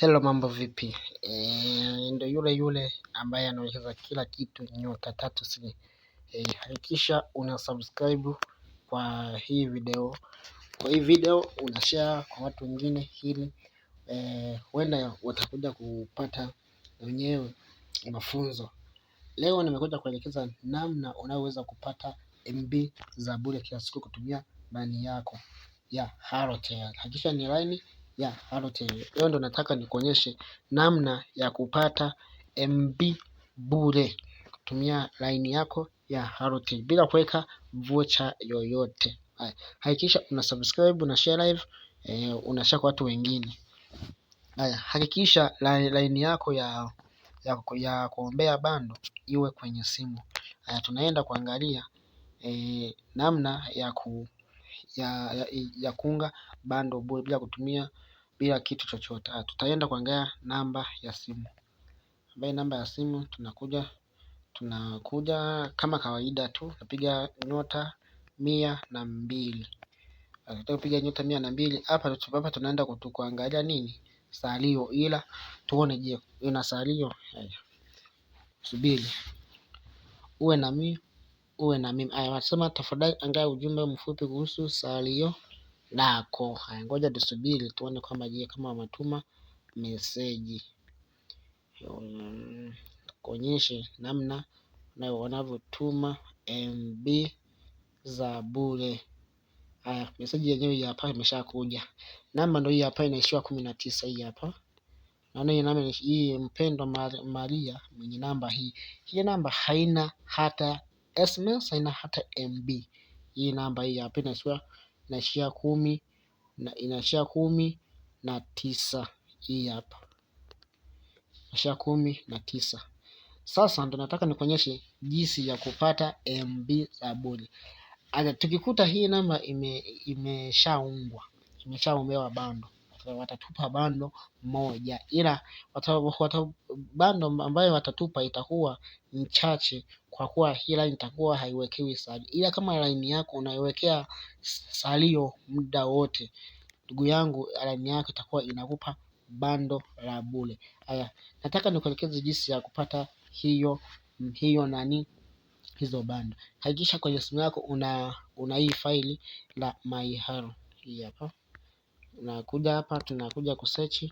Hello, mambo vipi? E, ndo yule yule ambaye anaonyesha kila kitu nyota tatu si. E, hakikisha una subscribe kwa hii video, kwa hii video una share kwa watu wengine, ili eh, huenda e, watakuja kupata wenyewe mafunzo. Leo nimekuja kuelekeza namna unaweza kupata MB za bure kila siku kutumia laini yako ya Halotel. Hakikisha ni laini ya Airtel. Leo ndo nataka nikuonyeshe namna ya kupata MB bure kutumia laini yako ya Airtel bila kuweka vocha yoyote. Hakikisha una subscribe, una share live, eh, una share kwa watu wengine. Haya, hakikisha laini yako ya ya, ya kuombea bando iwe kwenye simu. Haya, tunaenda kuangalia eh, namna ya ku ya, ya, ya kuunga bando bure bila kutumia bila kitu chochote. Ah, tutaenda kuangalia namba ya simu. Ambaye namba ya simu tunakuja tunakuja kama kawaida tu napiga nyota mia na mbili. Ah, Tutapiga nyota mia na mbili hapa hapa tunaenda kuangalia nini? Salio ila tuone je, ina salio? Subiri. Uwe na mimi, uwe na mimi. Aya, wanasema tafadhali angalia ujumbe mfupi kuhusu salio lako. Haya, ngoja tusubiri tuone kwamba je, kama wametuma meseji mm, kuonyeshe namna wanavyotuma MB za bure. Haya, meseji yenyewe hapa imeshakuja, namba ndio hii hapa, inaishiwa kumi na tisa. Hii hapa naona hii namba hii, mpendwa Maria mwenye namba hii, hii namba haina hata SMS, haina hata MB. Hii namba hii hapa inaishiwa inaishia kumi na inaishia kumi na tisa. Hii hapa inaishia kumi na tisa. Sasa ndo nataka nikuonyeshe jinsi ya kupata MB za bure. Tukikuta hii namba imeshaungwa imeshaombewa bando watatupa bando moja, ila bando ambayo watatupa itakuwa ni chache, kwa kuwa hii line itakuwa haiwekewi salio, ila kama line yako unaiwekea salio muda wote, ndugu yangu, line yako itakuwa inakupa bando la bure. Haya, nataka nikuelekeze jinsi ya kupata hiyo hiyo nani hizo bando. Hakikisha kwenye simu yako una, una hii faili la MyHero hii hapa. Unakuja hapa, tunakuja kusearch,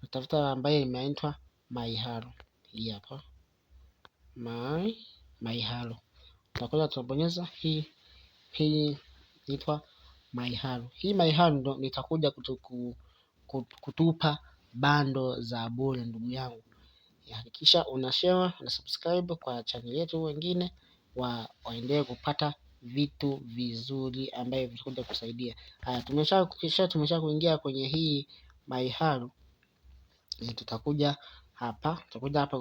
unatafuta ambayo imeitwa MyHalo. Hii hapa my MyHalo, tutakuja tutabonyeza hii hii inaitwa MyHalo. Hii MyHalo ndo nitakuja kutuku, kutupa bando za bure ndugu yangu. Hakikisha una share na subscribe kwa channel yetu wengine wa waendelee kupata vitu vizuri ambavyo vitakuja kusaidia. Haya, tumesha kisha tumesha kuingia kwenye hii Baiharu, eh, tutakuja hapa, tutakuja hapa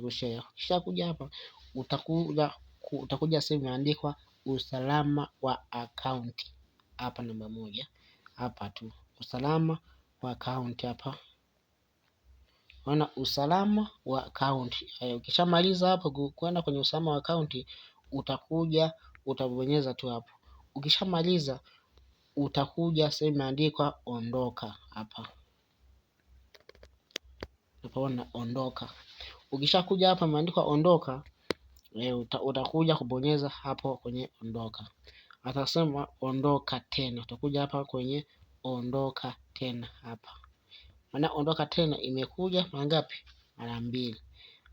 kwa share. Kisha kuja hapa utakuja utakuja sehemu imeandikwa usalama wa akaunti hapa, namba moja hapa tu, usalama wa akaunti hapa Ona usalama wa akaunti. Ukishamaliza hapo kwenda kwenye usalama wa akaunti utakuja utabonyeza tu hapo. Ukishamaliza utakuja sehemu imeandikwa ondoka hapa, Utaona ondoka. Ukishakuja hapa imeandikwa ondoka e, uta, utakuja kubonyeza hapo kwenye ondoka, atasema ondoka tena. Utakuja hapa kwenye ondoka tena hapa, maana ondoka tena imekuja mara ngapi? Mara mbili.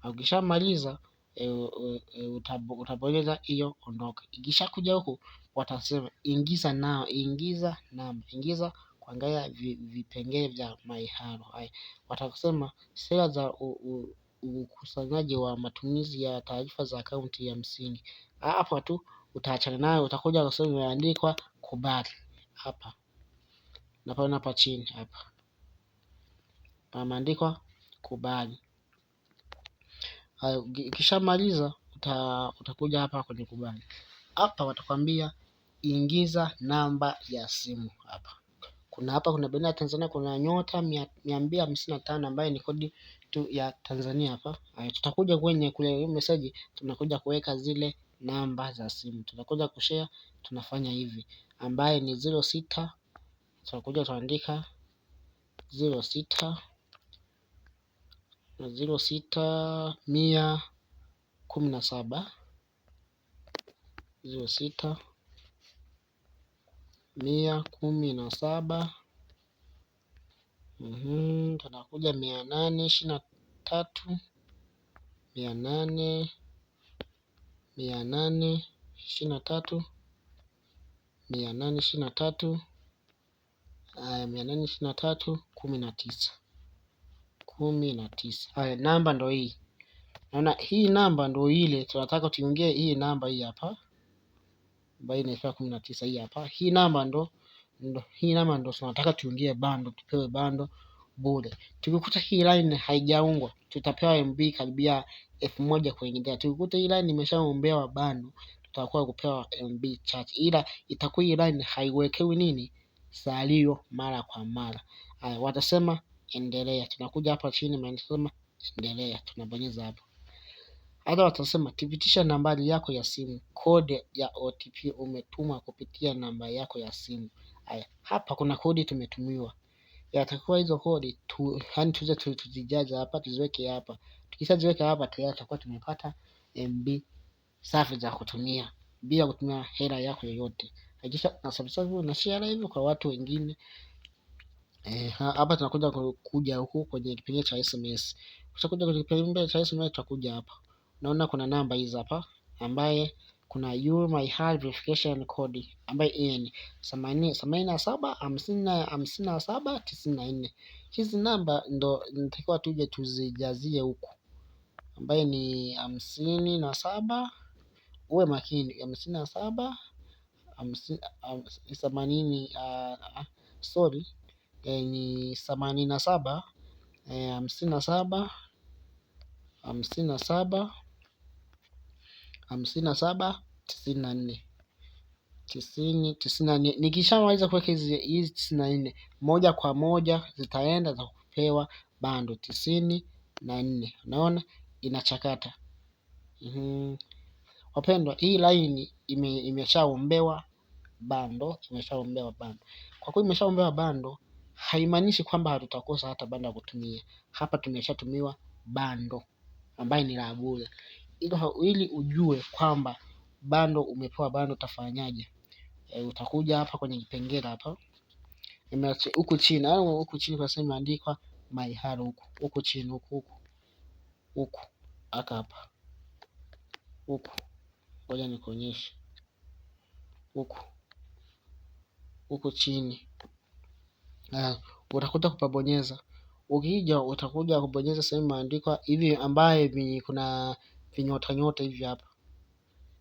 Ukishamaliza e, e, e utabonyeza hiyo ondoka. ikishakuja kuja huku watasema ingiza nao, ingiza namba, ingiza kuangalia vipengele vya maiharo haya. Watasema sera za ukusanyaji wa matumizi ya taarifa za akaunti ya msingi. Hapa tu utaachana nayo, utakuja kusema imeandikwa kubali hapa napaona hapa chini hapa pameandikwa kubali. Ukishamaliza utakuja hapa kwenye kubali. Hapa watakwambia ingiza namba ya simu hapa. Kuna hapa kuna bendera ya Tanzania, kuna nyota mia mbili hamsini na tano ambayo ni kodi tu ya Tanzania hapa. Tutakuja kwenye kule message, meseji, tunakuja kuweka zile namba za simu, tunakuja kushare, tunafanya hivi ambaye ni zero sita, tunakuja tunaandika zero sita ziro sita mia kumi na saba ziro sita mia kumi na saba mm-hmm. Tunakuja mia nane ishirini na tatu mia nane mia nane ishirini na tatu mia nane ishirini na tatu mia nane ishirini na tatu kumi na tisa kumi na tisa. Haya, namba ndo hii. Naona hii namba ndo ile tunataka tuingie hii namba hii hapa ambayo inafika kumi na tisa hii hapa. Hii namba ndo, ndo hii namba ndo tunataka tuingie bando, tupewe bando bure. Tukikuta hii line haijaungwa tutapewa MB karibia elfu moja kuendelea. Tukikuta hii line imeshaombewa bando tutakuwa kupewa MB chache, ila itakuwa hii line haiwekewi nini salio mara kwa mara. Haya, watasema endelea. Tunakuja hapa chini manasema endelea, tunabonyeza hapo. Hata watasema thibitisha nambari yako ya simu, kodi ya OTP umetuma kupitia namba yako ya simu. Haya, hapa kuna kodi tumetumiwa, yatakuwa hizo kodi tu, yani tuze tuzijaza hapa, tuziweke hapa. Tukishaziweka hapa tayari tutakuwa tumepata MB safi za kutumia bila kutumia hela yako yoyote. Hakikisha na subscribe na share hivyo kwa watu wengine. Eh, hapa tunakuja kuja huku kwenye kipengele cha SMS. Tutakuja kwenye kipengele cha SMS tutakuja hapa. Naona kuna namba hizi hapa ambaye kuna you my hard verification code ambaye ni themanini Hizi namba ndo nitakiwa tuje tuzijazie huku ambaye ni hamsini na saba. Uwe makini, hamsini na saba themanini, ah, ah, sorry ni themanini na saba, eh, hamsini na saba, hamsini na saba, hamsini na saba, tisini na nne tisini tisini na nne. Nikishamaliza kuweka hizi hizi tisini na nne moja kwa moja zitaenda za kupewa bando tisini na nne. Unaona inachakata. Mm-hmm. Wapendwa, hii laini ime, imeshaombewa bando, imeshaombewa bando. Kwa kuwa imeshaombewa bando, haimaanishi kwamba hatutakosa hata bando ya kutumia. Hapa tumeshatumiwa bando ambaye ni la bure, ili ujue kwamba bando umepewa bando, utafanyaje? E, utakuja hapa kwenye kipengele hapa huku chini au huku chini kuna sehemu imeandikwa maiharo, huku huku chini huku huku huku aka hapa huku, ngoja nikuonyeshe huku huku chini utakuja kupabonyeza. Ukija utakuja kubonyeza sehemu imeandikwa hivi ambaye kuna vinyota nyota hivi hapa.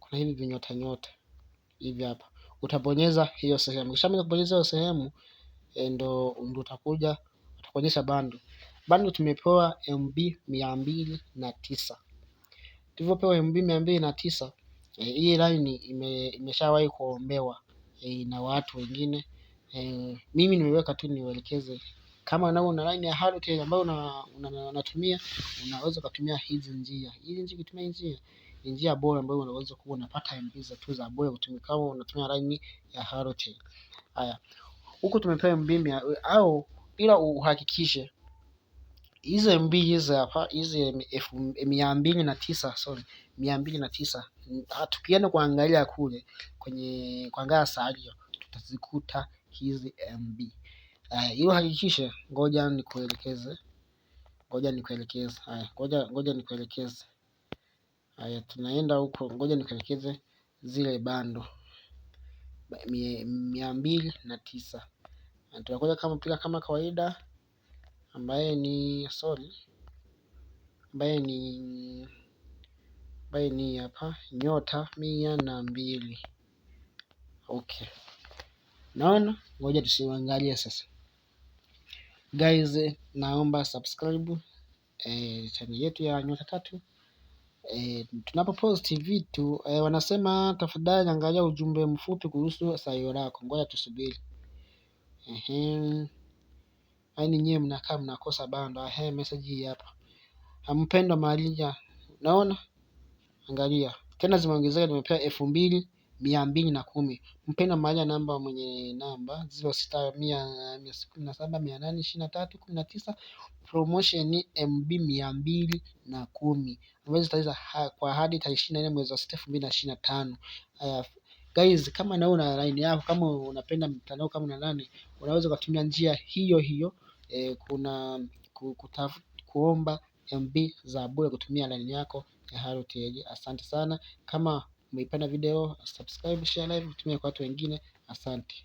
Kuna hivi vinyota nyota hivi hapa. Utabonyeza hiyo sehemu. mimi kubonyeza hiyo sehemu eh, ndo ndo utakuja utakuonyesha bando. Bando tumepewa MB mia mbili na tisa. Tulivyopewa MB mia mbili na tisa eh, hii line imeshawahi kuombewa eh, na watu wengine. Eh, mimi nimeweka tu niwaelekeze kama nao una line ya Halotel ambayo unatumia unaweza ukatumia hizi njia hizi njia kutumia njia ni njia bora ambayo unaweza kuwa unapata MB za tu za bure kama unatumia line ya Halotel. Haya, Huko tumepewa MB mia au ila uhakikishe hizo MB hizo hapa hizi mia mbili na tisa sorry, mia mbili na tisa tukienda kuangalia kule kwenye kuangalia salio tutazikuta hizi MB. Haya, hiyo hakikisha, ngoja nikuelekeze, ngoja nikuelekeze. Haya, ngoja ngoja nikuelekeze. Haya, tunaenda huko, ngoja nikuelekeze zile bando mia, mia mbili na tisa. Tunakuja kama piga kama kawaida, ambaye ni sorry, ambaye ni ambaye ni hapa nyota mia na mbili. Okay. Naona ngoja tusiangalie sasa. Guys, naomba subscribe eh, channel yetu ya Nyota Tatu. Eh, tunapoposti vitu eh, wanasema tafadhali angalia ujumbe mfupi kuhusu sayo lako. Ngoja tusubiri. Ehe. Yaani nyewe mnakaa mnakosa bando. Ehe, message hii hapa. ampendwa Maria. Naona? Angalia. Tena zimeongezeka nimepewa elfu mbili mia mbili na kumi. Mpenda mahali namba mwenye namba ziro sita mia na saba mia nane ishirini na tatu kumi na tisa promotion MB mia mbili na kumi ambazo zitaweza kwa hadi tarehe ishirini na nne mwezi wa sita elfu mbili na ishirini na tano. Uh, guys, kama nawe una line yako, kama unapenda mtandao, kama una nani, unaweza ukatumia njia hiyo hiyo eh, kuna kutafu, kuomba MB za bure kutumia line yako ya HaloTag. Asante sana kama umeipenda video, subscribe, share live, tumia kwa watu wengine. Asante.